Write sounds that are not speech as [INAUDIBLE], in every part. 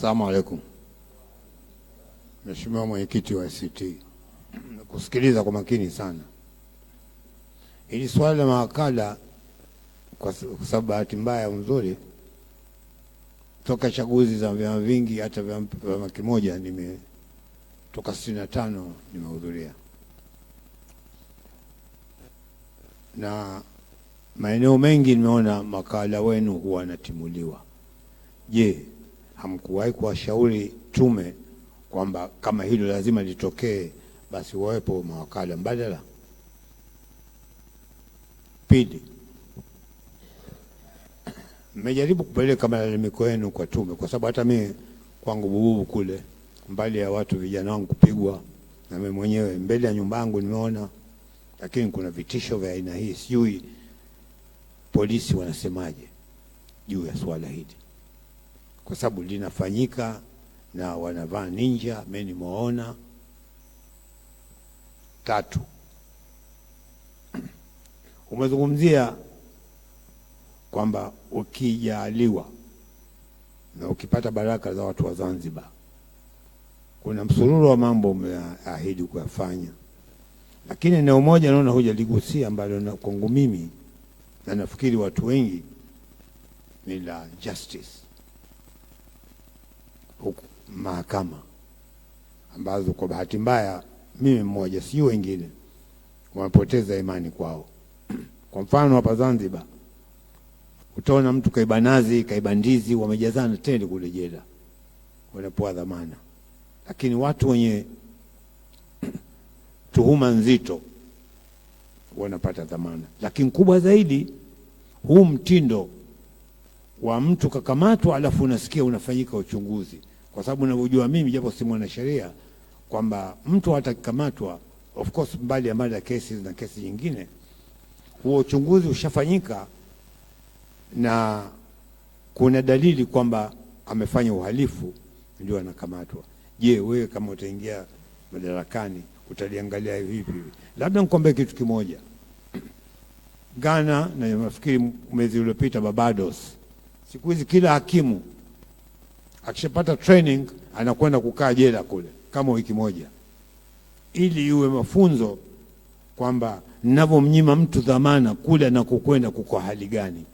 Asalamu alaikum, Mheshimiwa mwenyekiti wa ACT, kusikiliza kwa makini sana ili swali la mawakala, kwa sababu bahati mbaya mzuri toka chaguzi za vyama vingi hata vyama kimoja nime toka sitini na tano nimehudhuria na maeneo mengi nimeona mawakala wenu huwa wanatimuliwa. Je, hamkuwahi kuwashauri tume kwamba kama hilo lazima litokee, basi wawepo mawakala mbadala? Pili, mmejaribu kupeleka malalamiko yenu kwa tume? Kwa sababu hata mimi kwangu Bububu kule, mbali ya watu vijana wangu kupigwa na mimi mwenyewe mbele ya nyumba yangu nimeona, lakini kuna vitisho vya aina hii. Sijui polisi wanasemaje juu ya swala hili kwa sababu linafanyika na wanavaa ninja, mimi nimeona. Tatu, [CLEARS THROAT] umezungumzia kwamba ukijaliwa na ukipata baraka za watu wa Zanzibar, kuna msururu wa mambo umeahidi kuyafanya, lakini eneo moja naona hujaligusia ambalo kwangu mimi na nafikiri watu wengi ni la justice huku mahakama ambazo kwa bahati mbaya mimi mmoja si wengine wamepoteza imani kwao. [CLEARS THROAT] Kwa mfano hapa Zanzibar utaona mtu kaiba nazi, kaiba ndizi, wamejazana tende kule jela, wanapoa dhamana. Lakini watu wenye [CLEARS THROAT] tuhuma nzito wanapata dhamana. Lakini kubwa zaidi, huu mtindo wa mtu kakamatwa alafu unasikia unafanyika uchunguzi kwa sababu ninavyojua mimi, japo si mwanasheria, kwamba mtu atakamatwa, of course, mbali ya mada kesi na kesi nyingine, huo uchunguzi ushafanyika na kuna dalili kwamba amefanya uhalifu, ndio anakamatwa. Je, wewe kama utaingia madarakani utaliangalia vipi? Labda nikwambie kitu kimoja. Ghana, na nafikiri mwezi uliopita Barbados, siku hizi kila hakimu akishapata training anakwenda kukaa jela kule kama wiki moja, ili iwe mafunzo kwamba ninavyomnyima mtu dhamana kule anakokwenda kuko hali gani,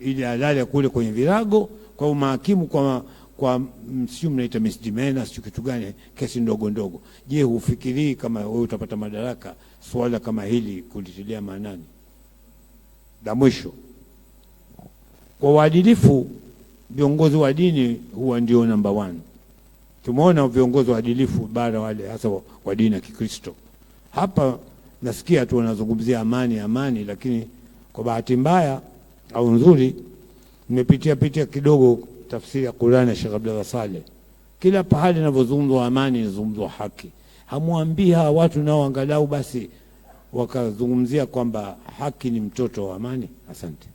ili alale kule kwenye virago kwa mahakimu kwa, kwa mm, sijui mnaita misdemeanor sio kitu gani, kesi ndogo ndogo. Je, hufikirii kama wewe utapata madaraka suala kama hili kulitilia maanani? La mwisho kwa uadilifu viongozi wa dini huwa ndio namba one. Tumeona viongozi waadilifu bara wale hasa wa dini ya Kikristo. Hapa nasikia tu wanazungumzia amani amani, lakini kwa bahati mbaya au nzuri, nimepitia pitia kidogo tafsiri ya Qur'ani ya Sheikh Abdullah Saleh. Kila pahali inavyozungumzwa amani inazungumzwa haki. Hamwambii hawa watu nao angalau basi wakazungumzia kwamba haki ni mtoto wa amani. Asante.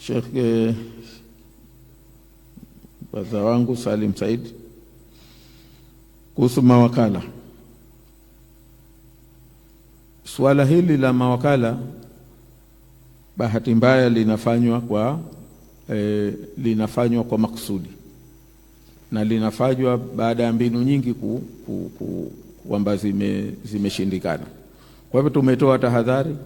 Shekhe eh, baza wangu Salim Said kuhusu mawakala. Suala hili la mawakala bahati mbaya linafanywa kwa eh, linafanywa kwa makusudi na linafanywa baada ya mbinu nyingi ku, ku, ku, kwamba zimeshindikana zime. Kwa hivyo tumetoa tahadhari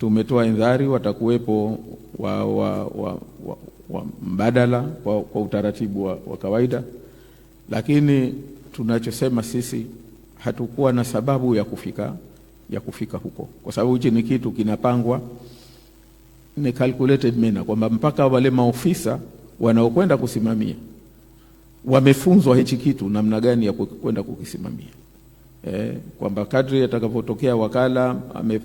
tumetoa indhari, watakuwepo wa, wa, wa, wa, wa mbadala kwa, kwa utaratibu wa, wa kawaida, lakini tunachosema sisi hatukuwa na sababu ya kufika ya kufika huko, kwa sababu hichi ni kitu kinapangwa, ni calculated manner kwamba mpaka wale maofisa wanaokwenda kusimamia wamefunzwa hichi kitu namna gani ya kwenda kukisimamia, eh, kwamba kadri atakapotokea wakala ame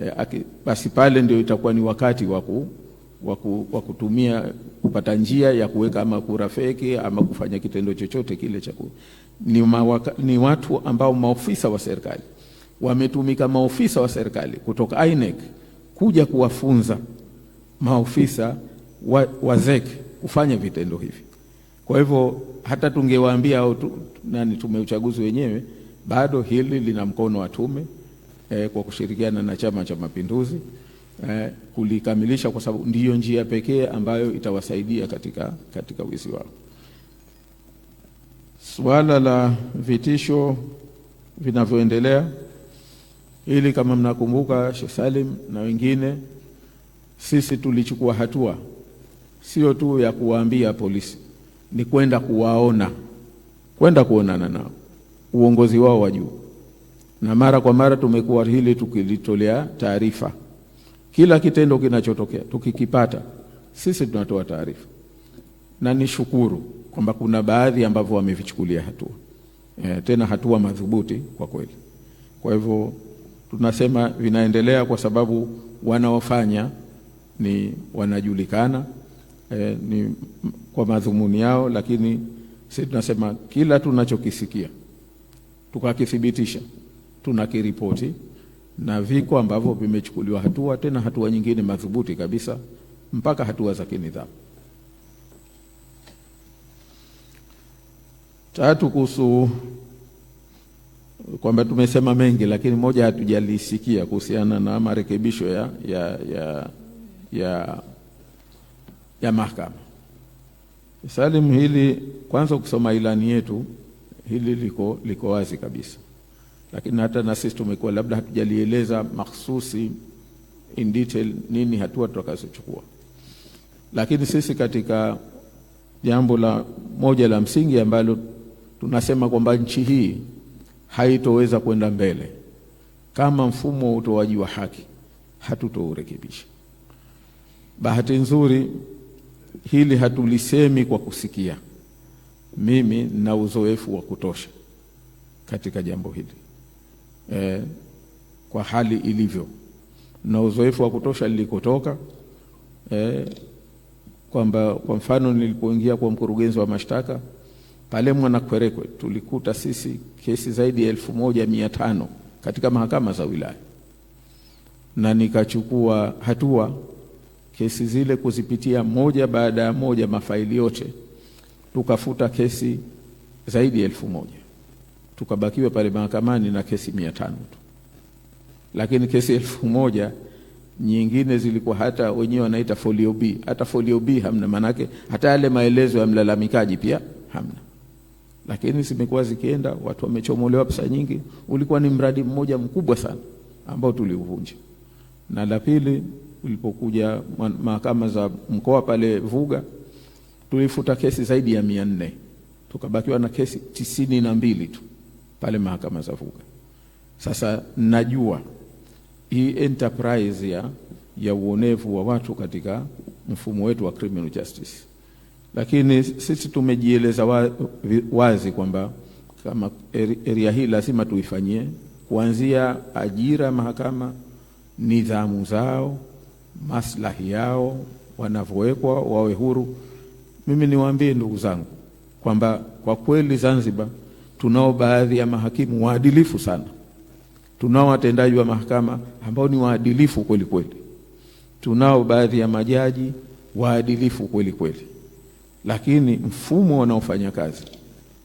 Eh, basi pale ndio itakuwa ni wakati wa kutumia kupata njia ya kuweka ama kura feki ama kufanya kitendo chochote kile cha ni, ni watu ambao maofisa wa serikali wametumika, maofisa wa serikali kutoka INEC kuja kuwafunza maofisa wa, wa ZEC kufanya vitendo hivi. Kwa hivyo hata tungewaambia au tu, nani tume uchaguzi wenyewe, bado hili lina mkono wa tume eh, kwa kushirikiana na Chama cha Mapinduzi eh, kulikamilisha kwa sababu ndiyo njia pekee ambayo itawasaidia katika, katika wizi wao. Suala la vitisho vinavyoendelea ili kama mnakumbuka, Sheikh Salim na wengine, sisi tulichukua hatua sio tu ya kuwaambia polisi, ni kwenda kuwaona, kwenda kuonana nao uongozi wao wa juu na mara kwa mara tumekuwa hili tukilitolea taarifa. Kila kitendo kinachotokea tukikipata sisi tunatoa taarifa, na nishukuru kwamba kuna baadhi ambavyo wamevichukulia hatua e, tena hatua madhubuti kwa kweli. Kwa hivyo tunasema vinaendelea kwa sababu wanaofanya ni wanajulikana e, ni kwa madhumuni yao, lakini sisi tunasema kila tunachokisikia tukakithibitisha tunakiripoti na viko ambavyo vimechukuliwa hatua, tena hatua nyingine madhubuti kabisa mpaka hatua za kinidhamu. Tatu, kuhusu kwamba tumesema mengi, lakini moja hatujalisikia kuhusiana na marekebisho ya, ya, ya, ya, ya mahakama Salim. Hili kwanza, kusoma ilani yetu hili liko, liko wazi kabisa lakini hata na sisi tumekuwa labda hatujalieleza mahsusi in detail nini hatua tutakazochukua, lakini sisi katika jambo la moja la msingi ambalo tunasema kwamba nchi hii haitoweza kwenda mbele kama mfumo wa utoaji wa haki hatutourekebisha. Bahati nzuri hili hatulisemi kwa kusikia, mimi na uzoefu wa kutosha katika jambo hili eh, kwa hali ilivyo na uzoefu wa kutosha nilikotoka, eh, kwamba kwa mfano nilipoingia kwa mkurugenzi wa mashtaka pale Mwanakwerekwe tulikuta sisi kesi zaidi ya elfu moja mia tano katika mahakama za wilaya, na nikachukua hatua kesi zile kuzipitia moja baada ya moja mafaili yote, tukafuta kesi zaidi ya elfu moja tukabakiwa pale mahakamani na kesi mia tano tu, lakini kesi elfu moja nyingine zilikuwa hata wenyewe wanaita folio B, hata folio B hamna, maanake hata yale maelezo ya mlalamikaji pia hamna, lakini zimekuwa zikienda, watu wamechomolewa pesa nyingi. Ulikuwa ni mradi mmoja mkubwa sana ambao tuliuvunja. Na la pili, ulipokuja mahakama za mkoa pale Vuga, tulifuta kesi zaidi ya mia nne tukabakiwa na kesi tisini na mbili tu pale mahakama za Vuga. Sasa najua hii enterprise ya, ya uonevu wa watu katika mfumo wetu wa criminal justice, lakini sisi tumejieleza wa, wazi kwamba kama area hii lazima tuifanyie kuanzia ajira mahakama, nidhamu zao, maslahi yao, wanavyowekwa wawe huru. Mimi niwaambie ndugu zangu kwamba kwa kweli Zanzibar tunao baadhi ya mahakimu waadilifu sana, tunao watendaji wa mahakama ambao ni waadilifu kweli kweli, tunao baadhi ya majaji waadilifu kweli kweli, lakini mfumo wanaofanya kazi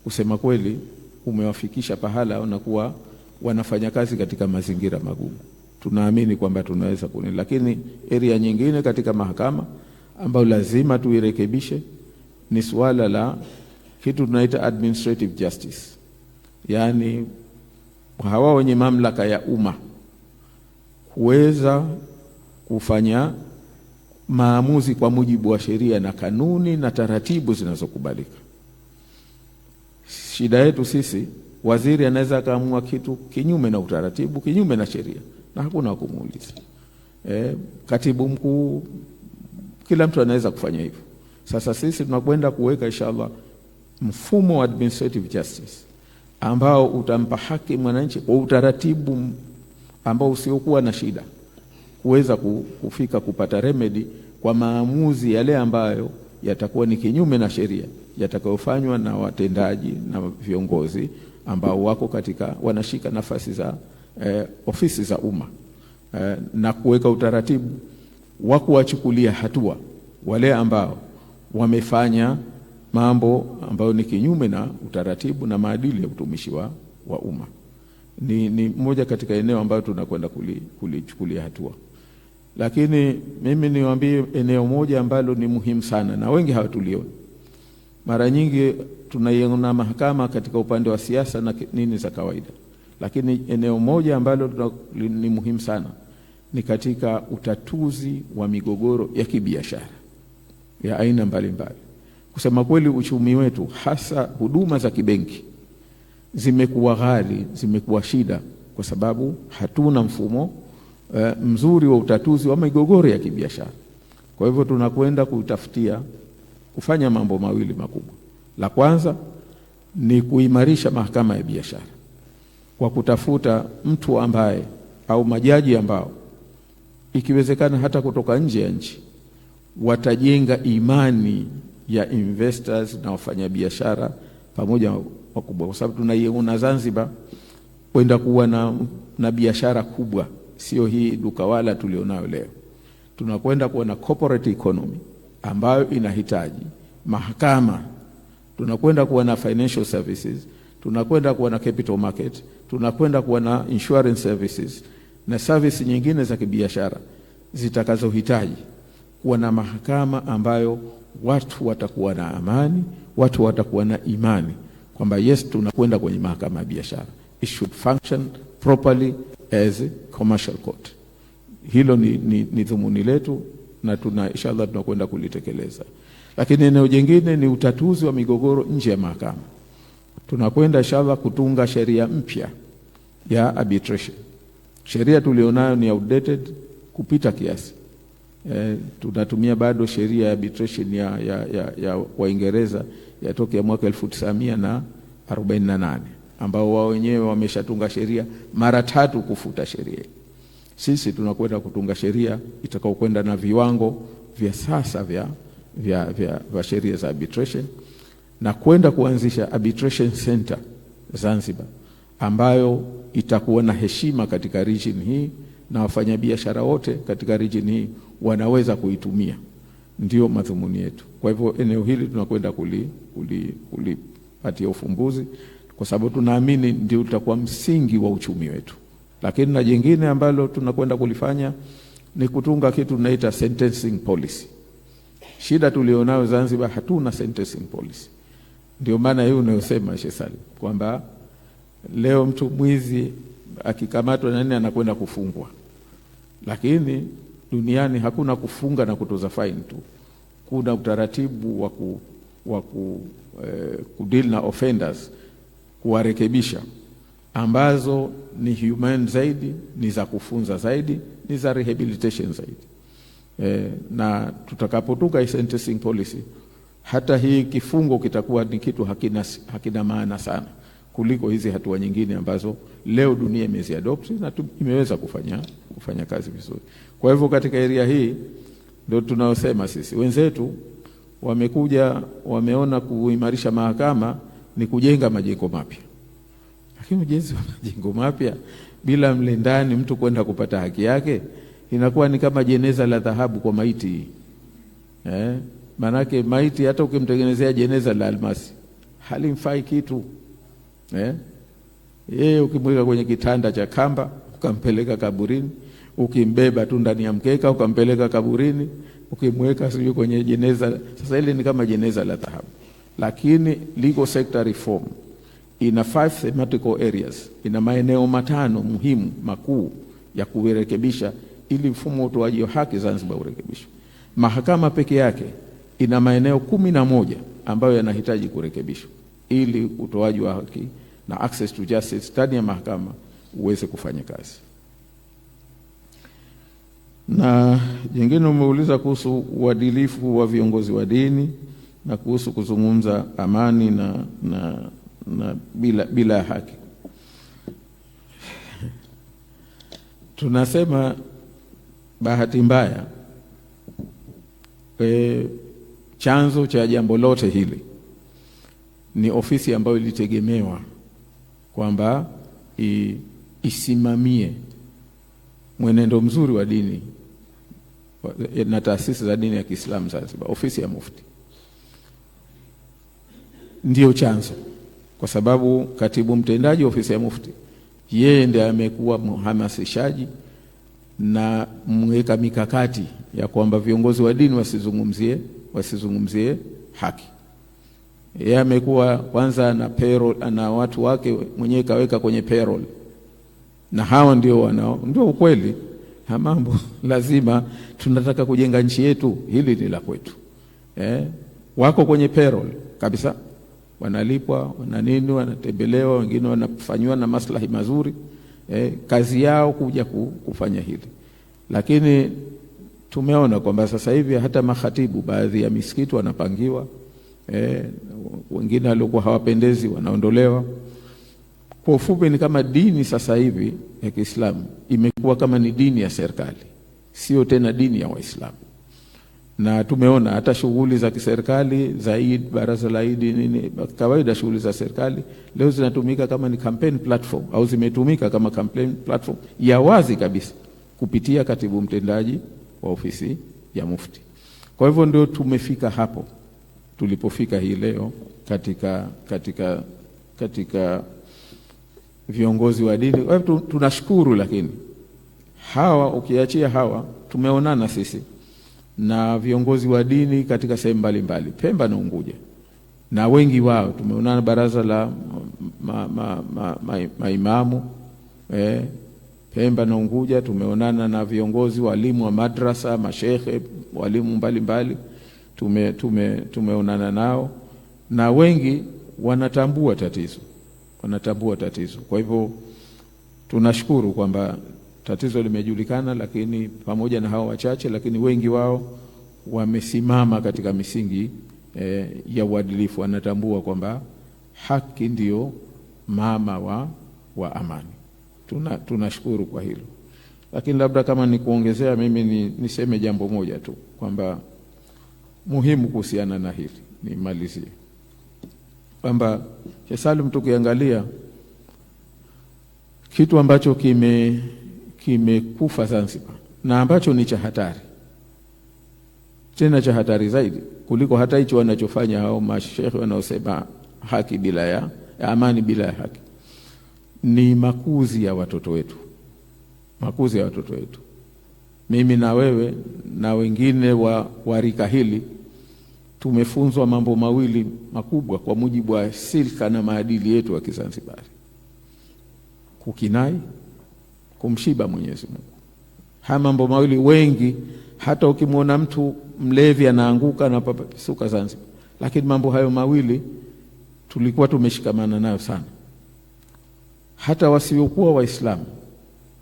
kusema kweli umewafikisha pahala wanakuwa wanafanya kazi katika mazingira magumu. Tunaamini kwamba tunaweza kuni, lakini eria nyingine katika mahakama ambayo lazima tuirekebishe ni suala la kitu tunaita administrative justice yani hawa wenye mamlaka ya umma kuweza kufanya maamuzi kwa mujibu wa sheria na kanuni na taratibu zinazokubalika. Shida yetu sisi, waziri anaweza akaamua kitu kinyume na utaratibu, kinyume na sheria, na hakuna wa kumuuliza. E, katibu mkuu, kila mtu anaweza kufanya hivyo. Sasa sisi tunakwenda kuweka inshallah mfumo wa administrative justice ambao utampa haki mwananchi kwa utaratibu ambao usiokuwa na shida kuweza kufika kupata remedy kwa maamuzi yale ambayo yatakuwa ni kinyume na sheria yatakayofanywa na watendaji na viongozi ambao wako katika wanashika nafasi za eh, ofisi za umma eh, na kuweka utaratibu wa kuwachukulia hatua wale ambao wamefanya mambo ambayo ni kinyume na utaratibu na maadili ya utumishi wa, wa umma. Ni, ni moja katika eneo ambayo tunakwenda kulichukulia hatua, lakini mimi niwaambie eneo moja ambalo ni muhimu sana na wengi hawatulioni. Mara nyingi tunaiona mahakama katika upande wa siasa na nini za kawaida, lakini eneo moja ambalo ni muhimu sana ni katika utatuzi wa migogoro ya kibiashara ya aina mbalimbali mbali. Kusema kweli, uchumi wetu hasa huduma za kibenki zimekuwa ghali, zimekuwa shida, kwa sababu hatuna mfumo uh, mzuri wa utatuzi wa migogoro ya kibiashara. Kwa hivyo tunakwenda kutafutia kufanya mambo mawili makubwa. La kwanza ni kuimarisha mahakama ya biashara kwa kutafuta mtu ambaye au majaji ambao ikiwezekana hata kutoka nje ya nchi watajenga imani ya investors na wafanyabiashara pamoja wakubwa, kwa sababu tunaiona Zanzibar kwenda kuwa na, na biashara kubwa, sio hii duka wala tulionayo leo. Tunakwenda kuwa na corporate economy ambayo inahitaji mahakama, tunakwenda kuwa na financial services, tunakwenda kuwa na capital market, tunakwenda kuwa na insurance services na service nyingine za kibiashara zitakazohitaji kuwa na mahakama ambayo watu watakuwa na amani, watu watakuwa na imani kwamba yes, tunakwenda kwenye mahakama ya biashara. It should function properly as a commercial court. Hilo ni, ni, ni dhumuni letu na tuna inshallah tunakwenda kulitekeleza. Lakini eneo jingine ni utatuzi wa migogoro nje ya mahakama. Tunakwenda inshallah kutunga sheria mpya ya arbitration. Sheria tulionayo ni outdated kupita kiasi eh, tunatumia bado sheria ya arbitration ya, ya, ya, ya Waingereza ya toke ya mwaka elfu tisa mia na arobaini na nane ambao wao wenyewe wameshatunga sheria mara tatu kufuta sheria. Sisi tunakwenda kutunga sheria itakaokwenda na viwango vya sasa vya, vya, vya, vya sheria za arbitration na kwenda kuanzisha arbitration center Zanzibar ambayo itakuwa na heshima katika region hii na wafanyabiashara wote katika region hii wanaweza kuitumia, ndio madhumuni yetu. Kwa hivyo eneo hili tunakwenda kulipatia kuli, kuli ufumbuzi, kwa sababu tunaamini ndio utakuwa msingi wa uchumi wetu. Lakini na jingine ambalo tunakwenda kulifanya ni kutunga kitu tunaita sentencing policy. Shida tulionayo Zanzibar, hatuna sentencing policy. Ndio maana hii unayosema Sheikh Salim kwamba leo mtu mwizi akikamatwa na nini anakwenda kufungwa. Lakini duniani hakuna kufunga na kutoza faini tu, kuna utaratibu wa ku, wa ku, eh, kudeal na offenders kuwarekebisha, ambazo ni human zaidi, ni za kufunza zaidi, ni za rehabilitation zaidi. Eh, na tutakapotunga sentencing policy hata hii kifungo kitakuwa ni kitu hakina, hakina maana sana kuliko hizi hatua nyingine ambazo leo dunia imeziadopti na imeweza kufanya, kufanya kazi vizuri. Kwa hivyo katika eria hii ndio tunayosema sisi wenzetu wamekuja wameona kuimarisha mahakama ni kujenga majengo mapya, lakini ujenzi wa majengo mapya bila mlindani mtu kwenda kupata haki yake inakuwa ni kama jeneza la dhahabu kwa maiti eh? Maanake maiti hata ukimtengenezea jeneza la almasi halimfai kitu eh? ukimweka kwenye kitanda cha kamba ukampeleka kaburini, ukimbeba tu ndani ya mkeka ukampeleka kaburini, ukimweka sijui kwenye jeneza. Sasa ile ni kama jeneza la dhahabu, lakini legal sector reform ina five thematic areas, ina maeneo matano muhimu makuu ya kurekebisha ili mfumo wa utoaji wa haki Zanzibar urekebishwe. Mahakama peke yake ina maeneo kumi na moja ambayo yanahitaji kurekebishwa ili utoaji wa haki na access to justice ndani ya mahakama uweze kufanya kazi. Na jingine umeuliza kuhusu uadilifu wa viongozi wa dini na kuhusu kuzungumza amani na, na, na bila, bila haki. [LAUGHS] Tunasema bahati mbaya e, chanzo cha jambo lote hili ni ofisi ambayo ilitegemewa kwamba isimamie mwenendo mzuri wa dini na taasisi za dini ya Kiislamu Zanzibar. Ofisi ya Mufti ndiyo chanzo, kwa sababu katibu mtendaji wa ofisi ya Mufti yeye ndiye amekuwa mhamasishaji na mweka mikakati ya kwamba viongozi wa dini wasizungumzie wasizungumzie haki yeye amekuwa kwanza na payroll, ana watu wake mwenyewe kaweka kwenye payroll, na hawa ndio wanao, ndio ukweli ha mambo. [LAUGHS] Lazima tunataka kujenga nchi yetu, hili ni la kwetu eh, wako kwenye payroll kabisa, wanalipwa wana nini, wanatembelewa, wengine wanafanyiwa na maslahi mazuri eh, kazi yao kuja kufanya hili, lakini tumeona kwamba sasa hivi hata mahatibu baadhi ya misikiti wanapangiwa eh, wengine waliokuwa hawapendezi wanaondolewa. Kwa ufupi, ni kama dini sasa hivi ya Kiislamu imekuwa kama ni dini ya serikali, sio tena dini ya Waislamu. Na tumeona hata shughuli za kiserikali za Eid, baraza la Eid, nini, kawaida shughuli za serikali leo zinatumika kama ni campaign platform au zimetumika kama campaign platform ya wazi kabisa kupitia katibu mtendaji wa ofisi ya Mufti. Kwa hivyo ndio tumefika hapo tulipofika hii leo katika, katika, katika viongozi wa dini tunashukuru, lakini hawa ukiachia hawa tumeonana sisi na viongozi wa dini katika sehemu mbalimbali Pemba na Unguja, na wengi wao tumeonana baraza la ma, ma, ma, ma, maimamu eh, Pemba na Unguja tumeonana na viongozi, walimu wa madrasa, mashehe, walimu mbalimbali mbali tume, tume, tumeonana nao na wengi wanatambua tatizo, wanatambua tatizo. Kwa hivyo tunashukuru kwamba tatizo limejulikana, lakini pamoja na hao wachache, lakini wengi wao wamesimama katika misingi eh, ya uadilifu, wanatambua kwamba haki ndio mama wa, wa amani. Tuna, tunashukuru kwa hilo, lakini labda kama nikuongezea mimi ni, niseme jambo moja tu kwamba muhimu kuhusiana na hili nimalizie, kwamba Sheikh Salum, tukiangalia kitu ambacho kime kimekufa Zanzibar na ambacho ni cha hatari tena cha hatari zaidi kuliko hata hicho wanachofanya hao mashekhe wanaosema haki bila ya, ya amani bila ya haki ni makuzi ya watoto wetu, makuzi ya watoto wetu, mimi na wewe na wengine wa warika hili tumefunzwa mambo mawili makubwa kwa mujibu wa silka na maadili yetu ya Kizanzibari: kukinai, kumshiba Mwenyezi Mungu. Haya mambo mawili wengi, hata ukimwona mtu mlevi anaanguka na papasuka Zanzibar, lakini mambo hayo mawili tulikuwa tumeshikamana nayo sana. Hata wasiokuwa Waislamu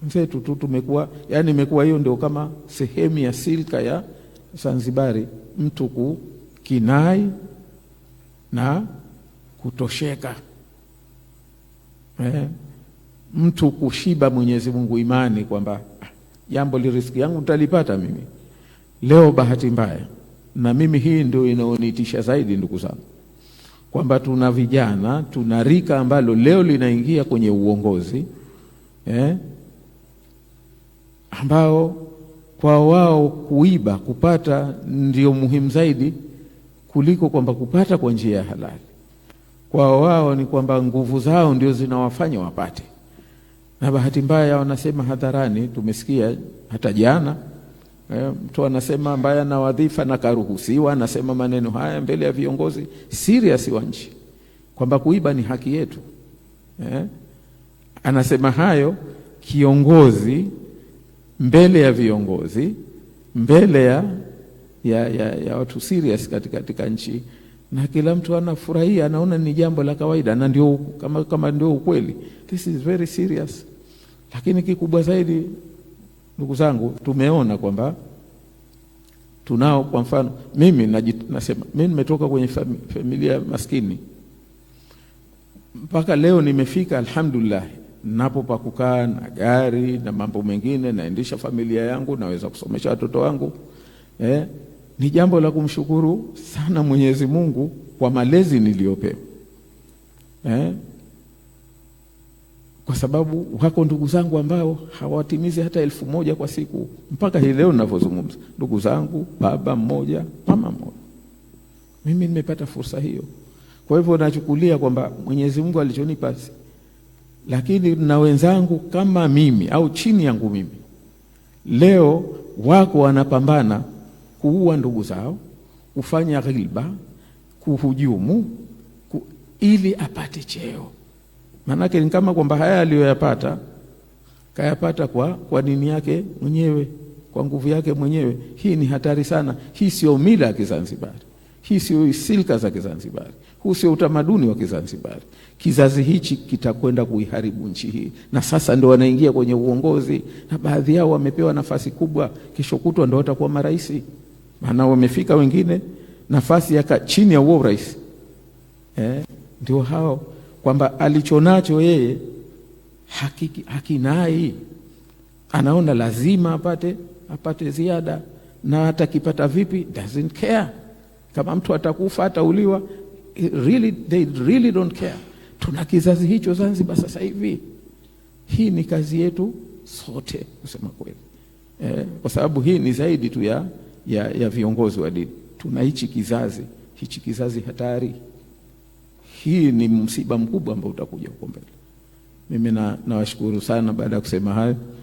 wenzetu tu tumekuwa, yani imekuwa hiyo ndio kama sehemu ya silka ya Zanzibari mtu ku kinai na kutosheka eh, mtu kushiba Mwenyezi Mungu imani kwamba jambo li riziki yangu nitalipata mimi leo. Bahati mbaya na mimi hii ndio inaonitisha zaidi, ndugu zangu, kwamba tuna vijana tuna rika ambalo leo linaingia kwenye uongozi eh, ambao kwa wao kuiba kupata ndio muhimu zaidi kuliko kwamba kupata kwa njia ya halali. Kwao wao ni kwamba nguvu zao ndio zinawafanya wapate, na bahati mbaya wanasema hadharani. Tumesikia hata jana eh, mtu anasema ambaye ana wadhifa na karuhusiwa, anasema maneno haya mbele ya viongozi serious wa nchi kwamba kuiba ni haki yetu e, Anasema hayo kiongozi mbele ya viongozi mbele ya ya, ya, ya watu serious katika, katika nchi na kila mtu anafurahia, anaona ni jambo la kawaida na ndio kama, kama ndio ukweli. This is very serious, lakini kikubwa zaidi ndugu zangu, tumeona kwamba tunao, kwa mfano mimi najit, nasema mimi nimetoka kwenye familia maskini mpaka leo nimefika, alhamdulillah, napo pa kukaa na gari na mambo mengine, naendesha familia yangu, naweza kusomesha watoto wangu eh ni jambo la kumshukuru sana Mwenyezi Mungu kwa malezi niliyopewa eh? Kwa sababu wako ndugu zangu ambao hawatimizi hata elfu moja kwa siku mpaka hii leo ninavyozungumza, ndugu zangu, baba mmoja, mama mmoja. Mimi nimepata fursa hiyo, kwa hivyo nachukulia kwamba Mwenyezi Mungu alichonipa, lakini na wenzangu kama mimi au chini yangu mimi, leo wako wanapambana kuua ndugu zao, kufanya ghilba, kuhujumu ku, ili apate cheo. Maanake ni kama kwamba haya aliyoyapata kayapata kwa, kwa dini yake mwenyewe kwa nguvu yake mwenyewe. Hii ni hatari sana. Hii sio mila ya Kizanzibari, hii sio silka za Kizanzibari, huu sio utamaduni wa Kizanzibari. Kizazi hichi kitakwenda kuiharibu nchi hii, na sasa ndio wanaingia kwenye uongozi, na baadhi yao wamepewa nafasi kubwa, kesho kutwa ndo watakuwa maraisi maana wamefika wengine nafasi yaka chini ya huo urais eh, ndio hao kwamba alichonacho yeye hakinai anaona lazima apate apate ziada, na atakipata vipi doesn't care. Kama mtu atakufa atauliwa, really, they really don't care. Tuna kizazi hicho Zanzibar sasa hivi. Hii ni kazi yetu sote kusema kweli eh, kwa sababu hii ni zaidi tu ya ya, ya viongozi wa dini. Tuna hichi kizazi hichi kizazi hatari. Hii ni msiba mkubwa ambao utakuja huko mbele. Mimi nawashukuru na sana. Baada ya kusema hayo